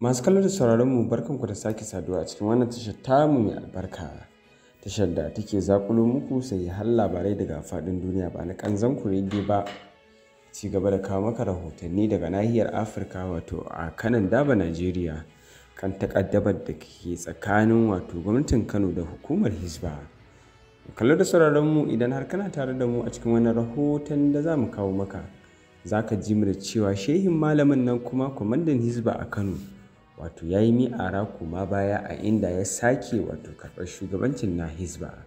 masu kallon da sauraron mu barkan ku da sake saduwa cikin wannan tashar tamu mai albarka tashar da take zakulo muku sai har labarai daga faɗin duniya ba na kanzan kurege ba ci gaba da kawo maka rahotanni daga nahiyar afirka wato a kanan daba najeriya kan takaddabar da ke tsakanin wato gwamnatin kano da hukumar hisba kallo da sauraron mu idan har kana tare da mu a cikin wani rahoton da za mu kawo maka za ka ji mu da cewa shehin malamin nan kuma kwamandan hisba a kano wato ya yi mi'ara kuma baya a inda ya sake wato karɓar shugabancin na hisba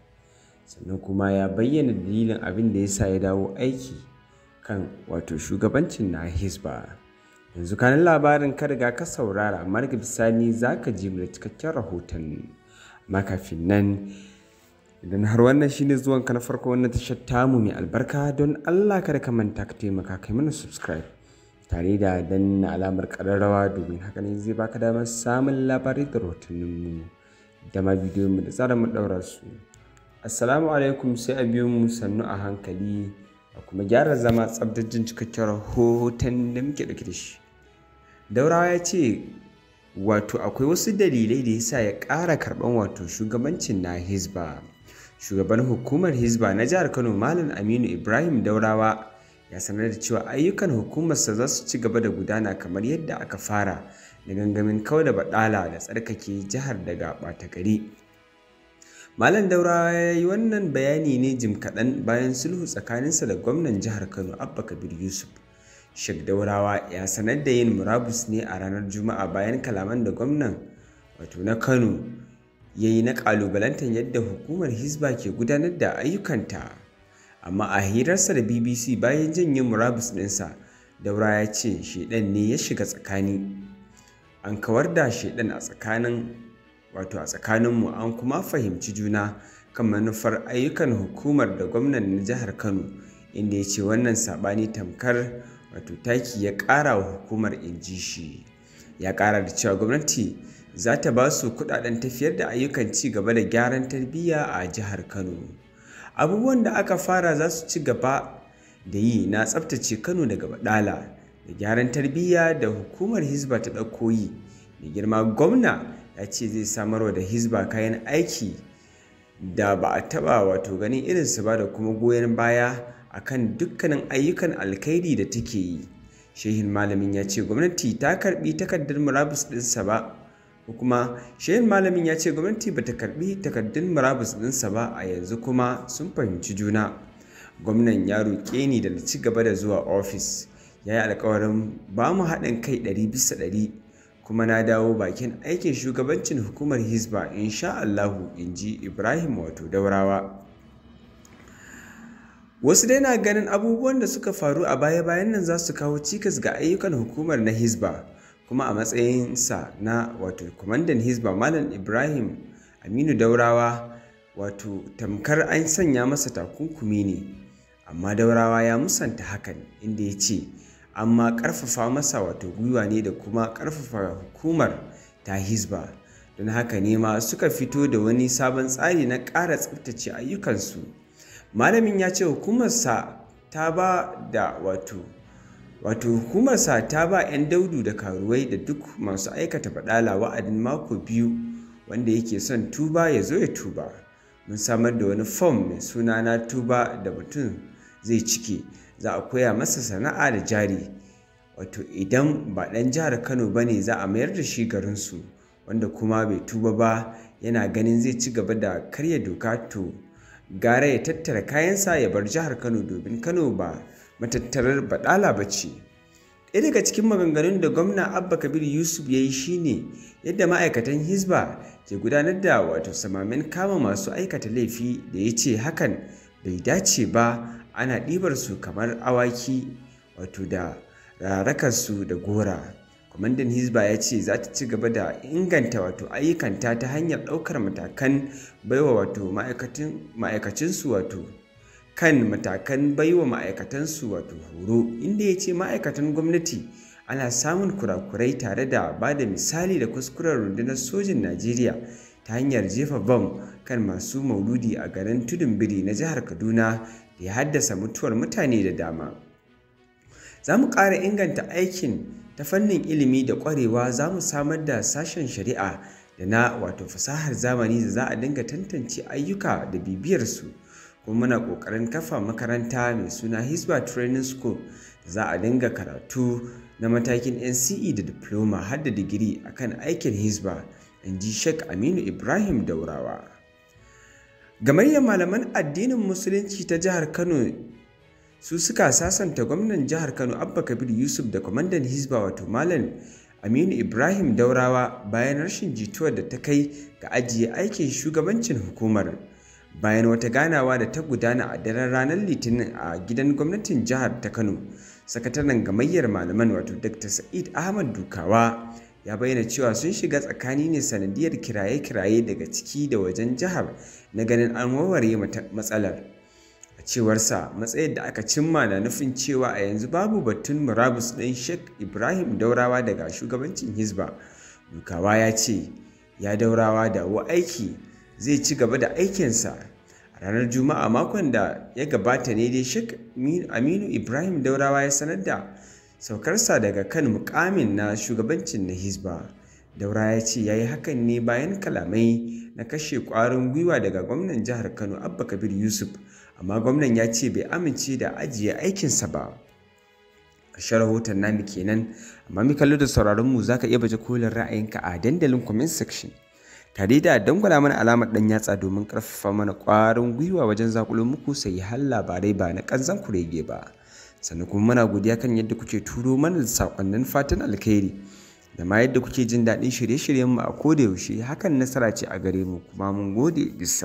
sannan kuma ya bayyana dalilin abin da ya sa ya dawo aiki kan wato shugabancin na hisba yanzu kanin labarin ka riga ka saurara marga bisani za ka ji mai cikakken rahoton makafin nan idan har wannan shine zuwan ka na farko wannan tashar tamu mai albarka don allah kada ka manta ka taimaka kai mana subscribe tare da danna alamar kararrawa domin haka ne zai baka damar samun labarai da mu da ma bidiyon mu da tsara mu daura su assalamu alaikum sai a biyo mu sannu a hankali kuma gyara zama tsabdajin cikakken rahoton da muke ɗauke da shi daurawa ya ce wato akwai wasu dalilai da yasa ya ƙara karɓan wato shugabancin na hizba shugaban hukumar hizba na jihar kano malam aminu ibrahim daurawa ya sanar da cewa ayyukan hukumarsa za su ci gaba da gudana kamar yadda aka fara da gangamin kawai da baɗala da tsarkake jihar daga ɓata gari Malam Daurawa ya yi wannan bayani ne jim kaɗan bayan sulhu tsakaninsa da gwamnan jihar Kano Abba Kabir Yusuf. Shek Daurawa ya sanar da yin murabus ne a ranar Juma'a bayan kalaman da gwamnan wato na Kano ya yi na ƙalubalantar yadda hukumar Hizba ke gudanar da ayyukanta. Amma a hirarsa da BBC bayan janye murabus ɗinsa, Daura ya ce shaidan ne ya shiga tsakani. An kawar da shaidan a tsakanin wato a tsakaninmu an kuma fahimci juna kan manufar ayyukan hukumar da gwamnan na jihar kano inda ya ce wannan saɓani tamkar wato taki ya ƙara wa hukumar inji shi ya ƙara da cewa gwamnati za ta ba su kudaden tafiyar da ayyukan ci gaba da gyaran tarbiyya a jihar kano abubuwan da aka fara za su ci gaba da yi na tsabtace kano daga badala da gyaran tarbiyya da hukumar hizba ta ɗauko yi da girma gwamna ya ce zai samarwa da hizba kayan aiki da ba a taba wato ganin irinsu ba da kuma goyon baya a kan dukkanin ayyukan alkhairi da take yi shehin malamin ya ce gwamnati ta karbi takardar murabus ɗinsa ba kuma shehin malamin ya ce gwamnati ba ta karbi takardun murabus ɗinsa ba a yanzu kuma sun fahimci juna gwamnan ya roƙe ni da na ci gaba da zuwa ofis ya yi alkawarin ba mu haɗin kai ɗari bisa ɗari kuma na dawo bakin aikin shugabancin hukumar hisba insha Allahu in Ibrahim wato daurawa. Wasu dai na ganin abubuwan da suka faru a baya-bayan nan za su kawo cikas ga ayyukan hukumar na hisba kuma a matsayinsa na wato kwamandan hisba Malam Ibrahim Aminu Daurawa wato tamkar an sanya masa takunkumi ne amma Daurawa ya musanta hakan inda ya ce amma karfafa masa wato gwiwa ne da kuma karfafa hukumar ta hizba don haka ne ma suka fito da wani sabon tsari na ƙara tsabtace ayyukansu malamin ya ce hukumarsa ta ba da wato wato hukumarsa ta ba 'yan daudu da karuwai da duk masu aikata baɗala wa'adin mako biyu wanda yake son tuba ya zo ya tuba mun samar da wani fom mai suna na tuba da mutum zai cike za a koya masa sana'a da jari wato idan ba ɗan jihar kano ba ne za a mayar da shi garinsu wanda kuma bai tuba ba yana ganin zai ci gaba da karya doka to gara ya tattara kayansa ya bar jihar kano domin kano ba matattarar baɗala ba ce ɗaya daga cikin maganganun da gwamna abba kabir yusuf ya yi shine yadda ma'aikatan hisba ke gudanar da wato samamin kama masu aikata laifi da ya ce hakan bai dace ba ana ɗibar su kamar awaki wato da su da gora kwamandan hisba ya ce za ta ci gaba da inganta wato ayyukanta ta hanyar ɗaukar matakan baiwa wato ma'aikacinsu wato kan matakan baiwa ma'aikatansu wato horo inda ya ce ma'aikatan gwamnati ana samun kurakurai tare da ba da misali da kuskuren rundunar sojin najeriya ta hanyar jefa bom kan masu mauludi a garin tudun biri na jihar kaduna da ya haddasa mutuwar mutane da dama za mu ƙara inganta aikin ta fannin ilimi da ƙwarewa za mu samar da sashen shari'a da na wato fasahar zamani da za a dinga tantance ayyuka da bibiyar su kuma muna ƙoƙarin kafa makaranta mai suna hisba training school da za a dinga karatu na matakin nce da diploma har da digiri akan aikin hisba in ji Sheikh Aminu Ibrahim Daurawa. gamayyar malaman addinin Musulunci ta jihar Kano su suka sasanta gwamnan jihar Kano Abba Kabir Yusuf da kwamandan Hizba wato Malam Aminu Ibrahim Daurawa bayan rashin jituwar da ta kai ga ajiye aikin shugabancin hukumar. Bayan wata ganawa da ta gudana a daren ranar Litinin a gidan gwamnatin jihar ta Kano, sakataren gamayyar malaman wato Dr. Sa'id Ahmad Dukawa ya bayyana cewa sun shiga tsakani ne sanadiyar kiraye-kiraye daga ciki da wajen jihar na ganin an warware matsalar a cewarsa matsayar da aka cimma na nufin cewa a yanzu babu batun murabus ɗin sheikh ibrahim daurawa daga shugabancin hisba. dukawa ya ce ya daurawa da aiki zai ci gaba da aikinsa a ranar juma'a makon da ya gabata ne dai sheikh aminu ibrahim daurawa ya sanar da saukarsa daga kan mukamin na shugabancin na hizba daura ya ce ya yi hakan ne bayan kalamai na kashe kwarin gwiwa daga gwamnan jihar kano abba kabir yusuf amma gwamnan ya ce bai amince da ajiye aikinsa ba ƙarshen rahoton namu kenan amma mi kallo da sauraron mu zaka iya baje kolin ra'ayinka a dandalin comment section tare da dangwala mana alamar dan yatsa domin karfafa mana kwarin gwiwa wajen zakulo muku sai har labarai ba na kanzan kurege ba sannan kuma muna godiya kan yadda kuke turo mana da sakonnin fatan alkhairi da ma yadda kuke jin daɗin shirye-shiryenmu a koda yaushe hakan nasara ce a gare mu kuma mun gode bisa